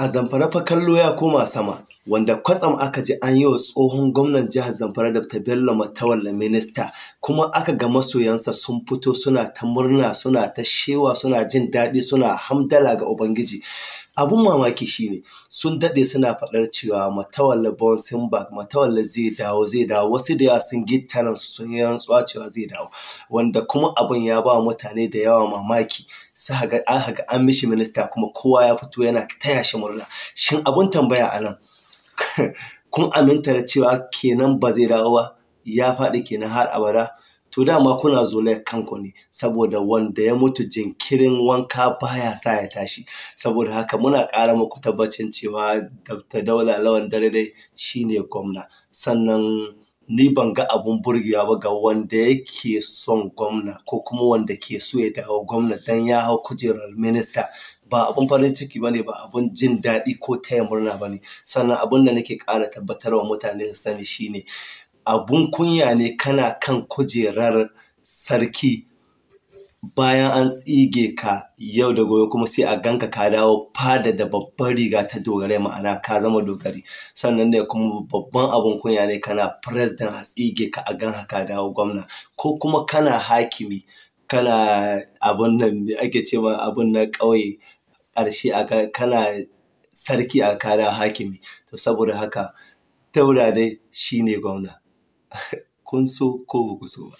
a zamfara fa kallo ya koma sama wanda kwatsam aka ji an yi wa tsohon gwamnan jihar zamfara da ta bello matawalla minista kuma aka ga masoyansa sun fito suna ta murna suna ta shewa suna jin daɗi suna hamdala ga ubangiji abun mamaki shine sun daɗe suna faɗar cewa matawalla bon bak matawalla zai dawo zai dawo wasu da yawa sun gittaran su sun yi rantsuwa cewa zai dawo wanda kuma abun ya ba mutane da yawa mamaki sa ga an mishi minista kuma kowa ya fito yana taya shi murna shin abun tambaya a nan kun aminta da cewa kenan ba zai dawo ba ya faɗi kenan har abada to dama kuna zolayar kanku ne saboda wanda ya mutu jinkirin wanka baya sa ya tashi saboda haka muna ƙara muku tabbacin cewa da daula lawan dare dai shine gwamna sannan ni ban ga abun burgewa ba ga wanda yake son gwamna ko kuma wanda ke so ya dawo gwamna dan ya hau kujerar minista ba abun farin ciki bane ba abun jin daɗi ko taya murna bane sannan abun da nake ƙara tabbatarwa mutane su sani shine abun kunya ne kana kan kujerar sarki bayan an tsige ka yau da gobe kuma sai a ganka ka dawo fada da babban riga ta dogare ma'ana ka zama dogari sannan da kuma babban abun kunya ne kana president a tsige ka a ganka ka dawo gwamna ko kuma kana hakimi kana abun nan ake ce ma abun na ƙauye ƙarshe a kana sarki a kada hakimi to saboda haka daura dai shine gwamna 混走こそは